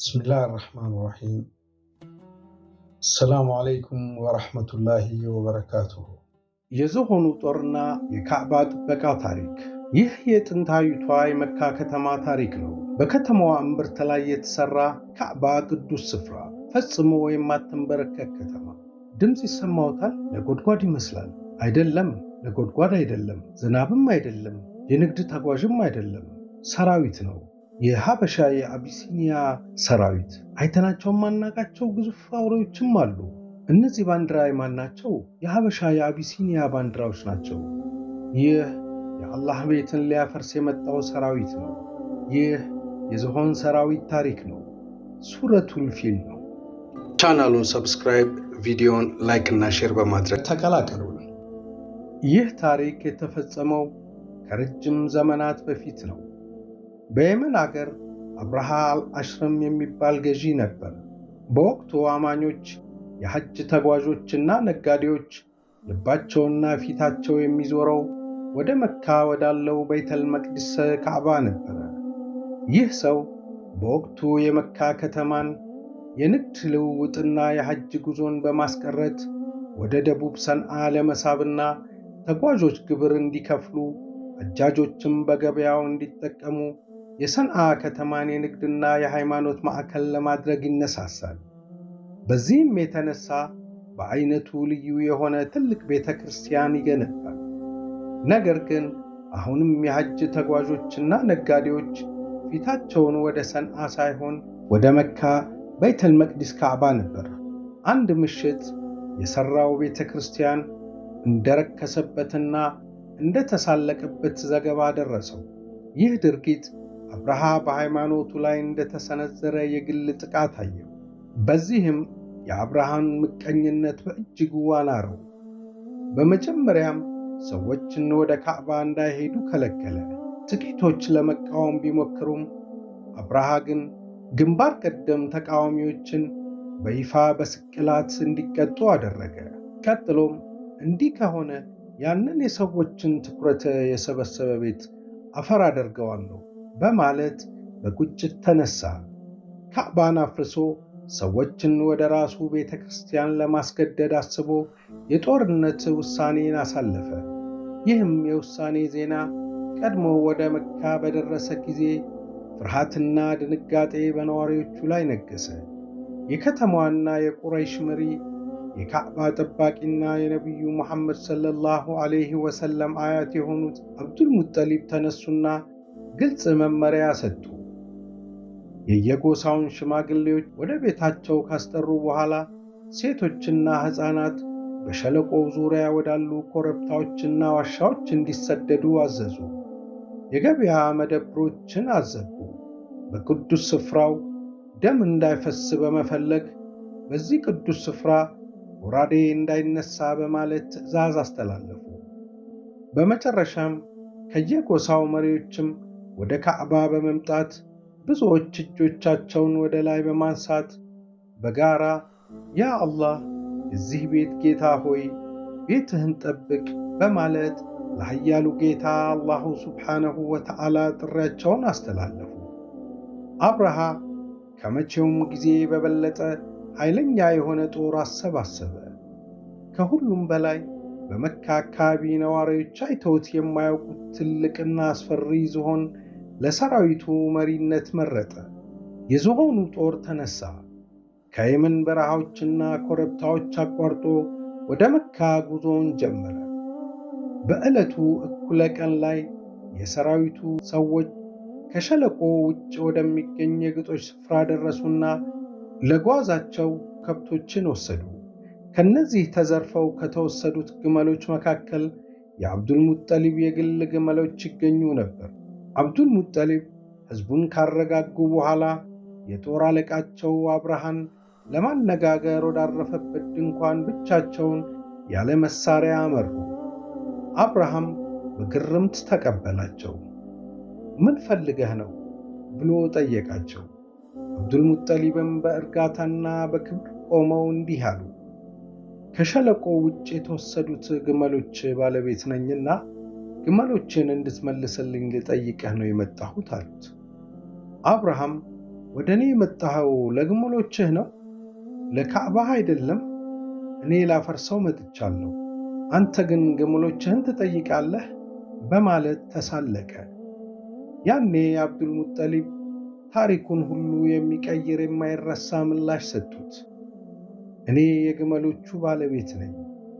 ብስሚላህ ራህማን ራሒም አሰላሙ አለይኩም ወረሕመቱላሂ ወበረካቱሁ። የዝሆኑ ጦርና የካዕባ ጥበቃ ታሪክ። ይህ የጥንታዊቷ የመካ ከተማ ታሪክ ነው። በከተማዋ እምብርት ላይ የተሠራ ካዕባ ቅዱስ ስፍራ፣ ፈጽሞ የማትንበረከክ ከተማ። ድምፅ ይሰማዎታል? ነጎድጓድ ይመስላል። አይደለም፣ ነጎድጓድ አይደለም፣ ዝናብም አይደለም፣ የንግድ ተጓዥም አይደለም፣ ሰራዊት ነው። የሀበሻ የአቢሲኒያ ሰራዊት አይተናቸው የማናቃቸው ግዙፍ አውሬዎችም አሉ። እነዚህ ባንዲራ የማናቸው የሀበሻ የአቢሲኒያ ባንዲራዎች ናቸው። ይህ የአላህ ቤትን ሊያፈርስ የመጣው ሰራዊት ነው። ይህ የዝሆን ሰራዊት ታሪክ ነው። ሱረቱል ፊል ነው። ቻናሉን ሰብስክራይብ፣ ቪዲዮን ላይክ እና ሼር በማድረግ ተቀላቀሉ። ይህ ታሪክ የተፈጸመው ከረጅም ዘመናት በፊት ነው። በየመን አገር አብርሃ አሽረም የሚባል ገዢ ነበር። በወቅቱ አማኞች፣ የሐጅ ተጓዦችና ነጋዴዎች ልባቸውና ፊታቸው የሚዞረው ወደ መካ ወዳለው ቤተል መቅድስ ካዕባ ነበረ። ይህ ሰው በወቅቱ የመካ ከተማን የንግድ ልውውጥና የሐጅ ጉዞን በማስቀረት ወደ ደቡብ ሰንዓ ለመሳብና ተጓዦች ግብር እንዲከፍሉ አጃጆችም በገበያው እንዲጠቀሙ የሰንዓ ከተማን የንግድና የሃይማኖት ማዕከል ለማድረግ ይነሳሳል። በዚህም የተነሳ በአይነቱ ልዩ የሆነ ትልቅ ቤተ ክርስቲያን ይገነባል። ነገር ግን አሁንም የሐጅ ተጓዦችና ነጋዴዎች ፊታቸውን ወደ ሰንዓ ሳይሆን ወደ መካ በይተል መቅዲስ ካዕባ ነበር። አንድ ምሽት የሠራው ቤተ ክርስቲያን እንደረከሰበትና እንደተሳለቀበት ዘገባ ደረሰው። ይህ ድርጊት አብርሃ በሃይማኖቱ ላይ እንደተሰነዘረ የግል ጥቃት አየው። በዚህም የአብርሃን ምቀኝነት በእጅጉ አናረው። በመጀመሪያም ሰዎችን ወደ ካዕባ እንዳይሄዱ ከለከለ። ጥቂቶች ለመቃወም ቢሞክሩም አብርሃ ግን ግንባር ቀደም ተቃዋሚዎችን በይፋ በስቅላት እንዲቀጡ አደረገ። ቀጥሎም እንዲህ ከሆነ ያንን የሰዎችን ትኩረት የሰበሰበ ቤት አፈር አደርገዋለሁ በማለት በቁጭት ተነሳ። ካዕባን አፍርሶ ሰዎችን ወደ ራሱ ቤተ ክርስቲያን ለማስገደድ አስቦ የጦርነት ውሳኔን አሳለፈ። ይህም የውሳኔ ዜና ቀድሞ ወደ መካ በደረሰ ጊዜ ፍርሃትና ድንጋጤ በነዋሪዎቹ ላይ ነገሰ። የከተማዋና የቁረይሽ መሪ የካዕባ ጠባቂና የነቢዩ መሐመድ ሰለላሁ ዐለይሂ ወሰለም አያት የሆኑት ሙጠሊብ ተነሱና ግልጽ መመሪያ ሰጡ። የየጎሳውን ሽማግሌዎች ወደ ቤታቸው ካስጠሩ በኋላ ሴቶችና ሕፃናት በሸለቆው ዙሪያ ወዳሉ ኮረብታዎችና ዋሻዎች እንዲሰደዱ አዘዙ። የገበያ መደብሮችን አዘጉ። በቅዱስ ስፍራው ደም እንዳይፈስ በመፈለግ በዚህ ቅዱስ ስፍራ ጎራዴ እንዳይነሳ በማለት ትዕዛዝ አስተላለፉ። በመጨረሻም ከየጎሳው መሪዎችም ወደ ካዕባ በመምጣት ብዙዎች እጆቻቸውን ወደ ላይ በማንሳት በጋራ ያ አላህ የዚህ ቤት ጌታ ሆይ ቤትህን ጠብቅ በማለት ለኃያሉ ጌታ አላሁ ስብሓነሁ ወተዓላ ጥሪያቸውን አስተላለፉ። አብርሃ ከመቼውም ጊዜ በበለጠ ኃይለኛ የሆነ ጦር አሰባሰበ። ከሁሉም በላይ በመካ አካባቢ ነዋሪዎች አይተውት የማያውቁት ትልቅና አስፈሪ ዝሆን ለሰራዊቱ መሪነት መረጠ። የዝሆኑ ጦር ተነሳ። ከየመን በረሃዎችና ኮረብታዎች አቋርጦ ወደ መካ ጉዞውን ጀመረ። በዕለቱ እኩለ ቀን ላይ የሰራዊቱ ሰዎች ከሸለቆ ውጭ ወደሚገኝ የግጦሽ ስፍራ ደረሱና ለጓዛቸው ከብቶችን ወሰዱ። ከነዚህ ተዘርፈው ከተወሰዱት ግመሎች መካከል የአብዱልሙጠሊብ የግል ግመሎች ይገኙ ነበር። አብዱል ሙጠሊብ ሕዝቡን ካረጋጉ በኋላ የጦር አለቃቸው አብርሃን ለማነጋገር ወዳረፈበት ድንኳን ብቻቸውን ያለ መሳሪያ አመሩ። አብርሃም በግርምት ተቀበላቸው። ምን ፈልገህ ነው ብሎ ጠየቃቸው። ሙጠሊብም በእርጋታና በክብር ቆመው እንዲህ አሉ። ከሸለቆ ውጭ የተወሰዱት ግመሎች ባለቤት ነኝና ግመሎችን እንድትመልስልኝ ልጠይቀህ ነው የመጣሁት አሉት። አብርሃም ወደ እኔ የመጣኸው ለግመሎችህ ነው? ለካዕባህ አይደለም? እኔ ላፈርሰው መጥቻለሁ፣ አንተ ግን ግመሎችህን ትጠይቃለህ? በማለት ተሳለቀ። ያኔ አብዱልሙጠሊብ ታሪኩን ሁሉ የሚቀይር የማይረሳ ምላሽ ሰጡት። እኔ የግመሎቹ ባለቤት ነኝ፣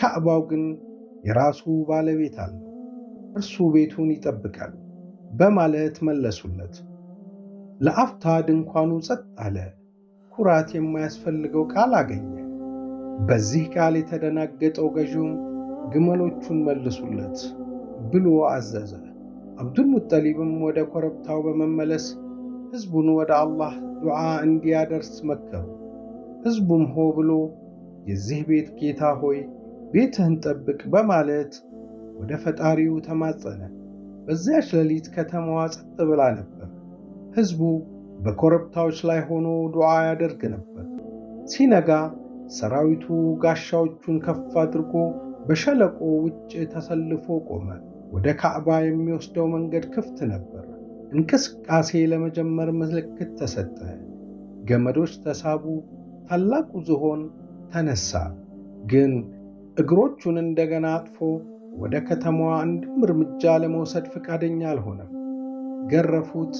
ካዕባው ግን የራሱ ባለቤት አለው። እርሱ ቤቱን ይጠብቃል በማለት መለሱለት። ለአፍታ ድንኳኑ ጸጥ አለ። ኩራት የማያስፈልገው ቃል አገኘ። በዚህ ቃል የተደናገጠው ገዢውም ግመሎቹን መልሱለት ብሎ አዘዘ። አብዱልሙጠሊብም ወደ ኮረብታው በመመለስ ሕዝቡን ወደ አላህ ዱዓ እንዲያደርስ መከሩ። ሕዝቡም ሆ ብሎ የዚህ ቤት ጌታ ሆይ ቤትህን ጠብቅ በማለት ወደ ፈጣሪው ተማጸነ። በዚያች ሌሊት ከተማዋ ጸጥ ብላ ነበር። ሕዝቡ በኮረብታዎች ላይ ሆኖ ዱዓ ያደርግ ነበር። ሲነጋ ሰራዊቱ ጋሻዎቹን ከፍ አድርጎ በሸለቆ ውጭ ተሰልፎ ቆመ። ወደ ካዕባ የሚወስደው መንገድ ክፍት ነበር። እንቅስቃሴ ለመጀመር ምልክት ተሰጠ። ገመዶች ተሳቡ። ታላቁ ዝሆን ተነሳ፣ ግን እግሮቹን እንደገና አጥፎ ወደ ከተማዋ አንድም እርምጃ ለመውሰድ ፈቃደኛ አልሆነም። ገረፉት፣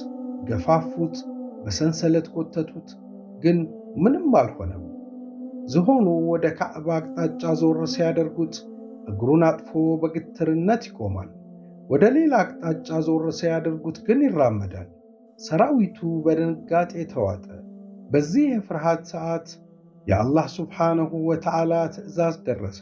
ገፋፉት፣ በሰንሰለት ጎተቱት፣ ግን ምንም አልሆነም። ዝሆኑ ወደ ካዕባ አቅጣጫ ዞር ሲያደርጉት እግሩን አጥፎ በግትርነት ይቆማል። ወደ ሌላ አቅጣጫ ዞር ሲያደርጉት ግን ይራመዳል። ሰራዊቱ በድንጋጤ ተዋጠ። በዚህ የፍርሃት ሰዓት የአላህ ስብሓነሁ ወተዓላ ትዕዛዝ ደረሰ።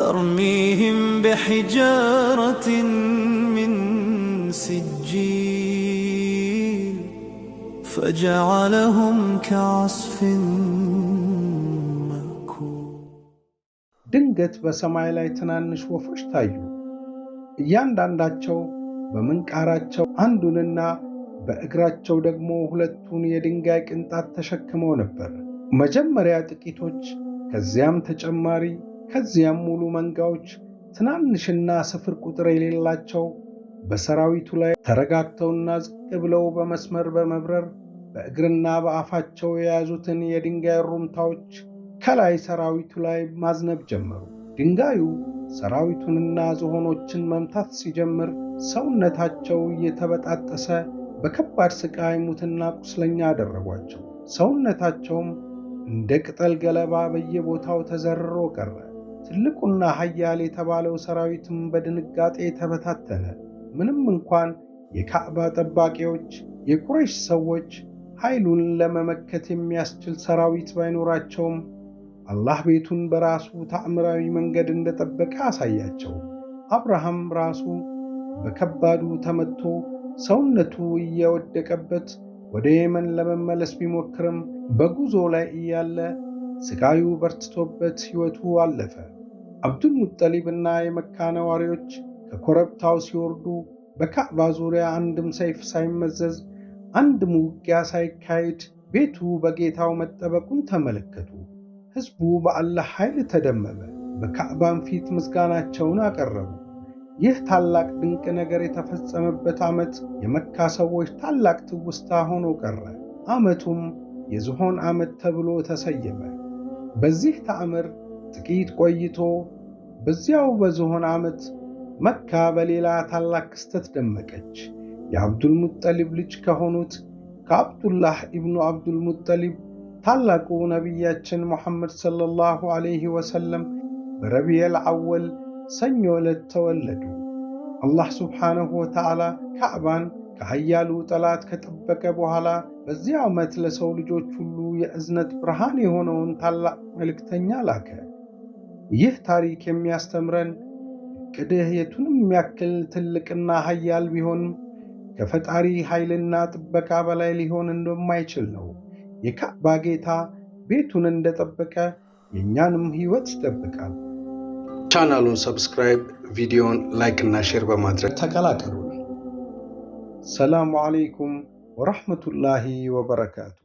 ترميهم بحجارة من سجيل فجعلهم كعصف ድንገት በሰማይ ላይ ትናንሽ ወፎች ታዩ። እያንዳንዳቸው በምንቃራቸው አንዱንና በእግራቸው ደግሞ ሁለቱን የድንጋይ ቅንጣት ተሸክመው ነበር። መጀመሪያ ጥቂቶች፣ ከዚያም ተጨማሪ ከዚያም ሙሉ መንጋዎች ትናንሽና ስፍር ቁጥር የሌላቸው በሰራዊቱ ላይ ተረጋግተውና ዝቅ ብለው በመስመር በመብረር በእግርና በአፋቸው የያዙትን የድንጋይ ሩምታዎች ከላይ ሰራዊቱ ላይ ማዝነብ ጀመሩ። ድንጋዩ ሰራዊቱንና ዝሆኖችን መምታት ሲጀምር ሰውነታቸው እየተበጣጠሰ በከባድ ስቃይ ሙትና ቁስለኛ አደረጓቸው። ሰውነታቸውም እንደ ቅጠል ገለባ በየቦታው ተዘርሮ ቀረ። ትልቁና ኃያል የተባለው ሰራዊትም በድንጋጤ ተበታተነ። ምንም እንኳን የካዕባ ጠባቂዎች የቁረይሽ ሰዎች ኃይሉን ለመመከት የሚያስችል ሰራዊት ባይኖራቸውም አላህ ቤቱን በራሱ ታዕምራዊ መንገድ እንደጠበቀ አሳያቸው። አብርሃም ራሱ በከባዱ ተመትቶ ሰውነቱ እየወደቀበት ወደ የመን ለመመለስ ቢሞክርም በጉዞ ላይ እያለ ስጋዩ በርትቶበት ሕይወቱ አለፈ። አብዱል እና የመካ ነዋሪዎች ከኮረብታው ሲወርዱ በካዕባ ዙሪያ አንድም ሰይፍ ሳይመዘዝ አንድም ውጊያ ሳይካሄድ ቤቱ በጌታው መጠበቁን ተመለከቱ። ሕዝቡ በአላህ ኃይል ተደመመ፣ በካዕባን ፊት ምስጋናቸውን አቀረቡ። ይህ ታላቅ ድንቅ ነገር የተፈጸመበት ዓመት የመካ ሰዎች ታላቅ ትውስታ ሆኖ ቀረ። ዓመቱም የዝሆን ዓመት ተብሎ ተሰየመ። በዚህ ተአምር ጥቂት ቆይቶ በዚያው በዝሆን ዓመት መካ በሌላ ታላቅ ክስተት ደመቀች። የአብዱልሙጠሊብ ልጅ ከሆኑት ከአብዱላህ ኢብኑ አብዱልሙጠሊብ ታላቁ ነቢያችን ሙሐመድ ሰለላሁ ዐለይሂ ወሰለም በረቢየል አወል ሰኞ ዕለት ተወለዱ። አላህ ስብሓነሁ ወተዓላ ካዕባን ከኃያሉ ጠላት ከጠበቀ በኋላ በዚህ ዓመት ለሰው ልጆች ሁሉ የእዝነት ብርሃን የሆነውን ታላቅ መልእክተኛ ላከ። ይህ ታሪክ የሚያስተምረን ዕቅድህ የቱንም ያክል ትልቅና ኃያል ቢሆንም ከፈጣሪ ኃይልና ጥበቃ በላይ ሊሆን እንደማይችል ነው። የካዕባ ጌታ ቤቱን እንደጠበቀ የእኛንም ሕይወት ይጠብቃል። ቻናሉን ሰብስክራይብ፣ ቪዲዮን ላይክ እና ሼር በማድረግ ተቀላቀሉ። ሰላሙ አሌይኩም ورحمة الله وبركاته